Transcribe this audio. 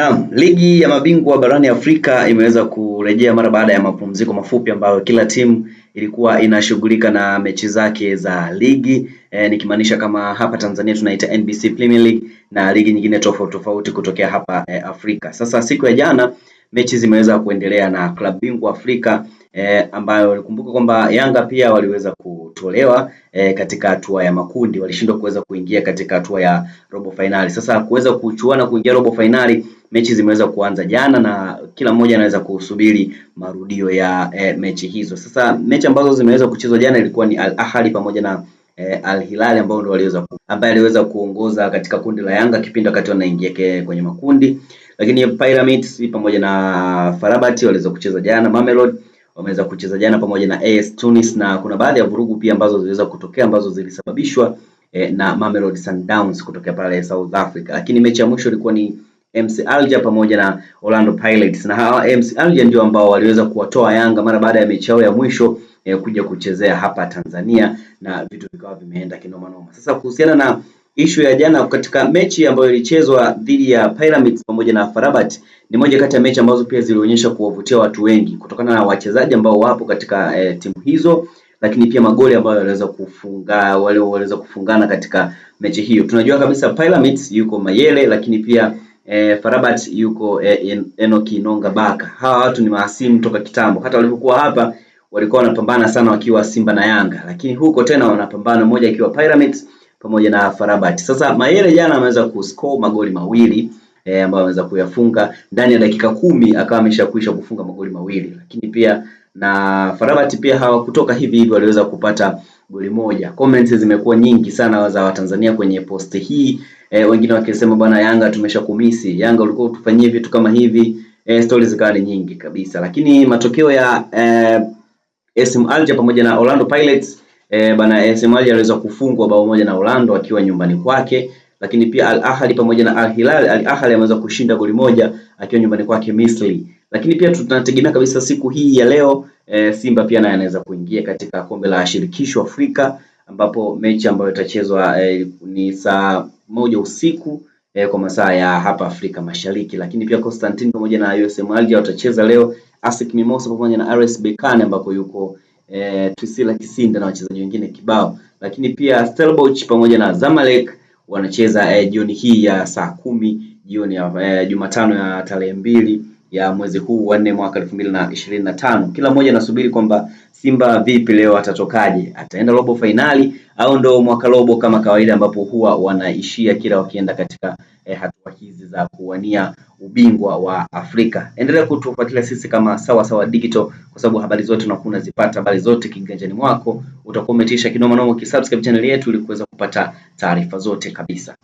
Naam, ligi ya mabingwa barani Afrika imeweza kurejea mara baada ya mapumziko mafupi ambayo kila timu ilikuwa inashughulika na mechi zake za ligi e, nikimaanisha kama hapa Tanzania tunaita NBC Premier League na ligi nyingine tofauti tofauti kutokea hapa e, Afrika. Sasa siku ya jana mechi zimeweza kuendelea na klabu bingwa Afrika e, ambayo ulikumbuka kwamba Yanga pia waliweza kutolewa e, katika hatua ya makundi, walishindwa kuweza kuingia katika hatua ya robo fainali. Sasa kuweza kuchuana kuingia robo fainali mechi zimeweza kuanza jana na kila mmoja anaweza kusubiri marudio ya e, mechi hizo. Sasa mechi ambazo zimeweza kuchezwa jana ilikuwa ni Al Ahly pamoja na e, Al Hilal ambao ndio waliweza ambaye aliweza kuongoza katika kundi la Yanga kipindi wakati wanaingia kwenye makundi, lakini Pyramids pamoja na Farabati waliweza kucheza jana. Mamelodi wameweza kucheza jana pamoja na AS Tunis, na kuna baadhi ya vurugu pia ambazo ziliweza kutokea ambazo zilisababishwa e, na Mamelodi Sundowns kutokea pale South Africa, lakini mechi ya mwisho ilikuwa ni MC Alger pamoja na Orlando Pirates, na hawa MC Alger ndio ambao waliweza kuwatoa Yanga mara baada ya mechi yao ya mwisho eh, kuja kuchezea hapa Tanzania na vitu vikawa vimeenda kinoma noma. Sasa kuhusiana na ishu ya jana katika mechi ambayo ilichezwa dhidi ya Pyramids pamoja na Farabat ni moja kati ya mechi ambazo pia zilionyesha kuwavutia watu wengi kutokana na wachezaji ambao wapo katika eh, timu hizo lakini pia magoli ambayo waliweza kufunga wale waliweza kufungana katika mechi hiyo. Tunajua kabisa Pyramids yuko Mayele, lakini pia eh, Farabat yuko eh, Enoki Nonga Baka. Hawa watu ni mahasimu toka kitambo, hata walipokuwa hapa walikuwa wanapambana sana wakiwa Simba na Yanga, lakini huko tena wanapambana, moja akiwa Pyramids pamoja na Farabat. Sasa Mayele jana ameweza kuscore magoli mawili e, ambayo ameweza kuyafunga ndani ya dakika kumi, akawa ameshakwisha kufunga magoli mawili, lakini pia na Farabati pia hawakutoka hivi hivi, waliweza kupata goli moja. Comments zimekuwa nyingi sana za Watanzania kwenye post hii e, wengine wakisema bwana, Yanga tumesha kumisi Yanga ulikuwa utufanyie vitu kama hivi e, stories zikawa ni nyingi kabisa, lakini matokeo ya e, SM Alger pamoja na Orlando Pirates e, bana SM Alger aliweza kufungwa bao moja na Orlando akiwa nyumbani kwake, lakini pia Al Ahly pamoja na Al Hilal, Al Ahly ameweza kushinda goli moja akiwa nyumbani kwake Misri lakini pia tunategemea kabisa siku hii ya leo e, Simba pia naye anaweza kuingia katika kombe la shirikisho Afrika ambapo mechi ambayo itachezwa e, ni saa moja usiku e, kwa masaa ya hapa Afrika Mashariki, lakini pia Constantine pamoja na USM Alger watacheza leo ASEC Mimosa pamoja na RS Berkane ambako yuko e, Twisila Kisinda na wachezaji wengine kibao, lakini pia Stellenbosch pamoja na Zamalek wanacheza e, jioni hii ya saa kumi jioni ya e, Jumatano ya tarehe mbili ya mwezi huu wa nne mwaka elfu mbili na ishirini na tano. Kila mmoja anasubiri kwamba Simba vipi leo atatokaje, ataenda robo fainali au ndo mwaka robo kama kawaida, ambapo huwa wanaishia kila wakienda katika eh, hatua hizi za kuwania ubingwa wa Afrika. Endelea kutufuatilia sisi kama Sawa Sawa Digital kwa sababu habari zote unakuwa unazipata, habari zote kiganjani mwako, utakuwa umetisha kinoma noma ukisubscribe channel yetu ili kuweza kupata taarifa zote kabisa.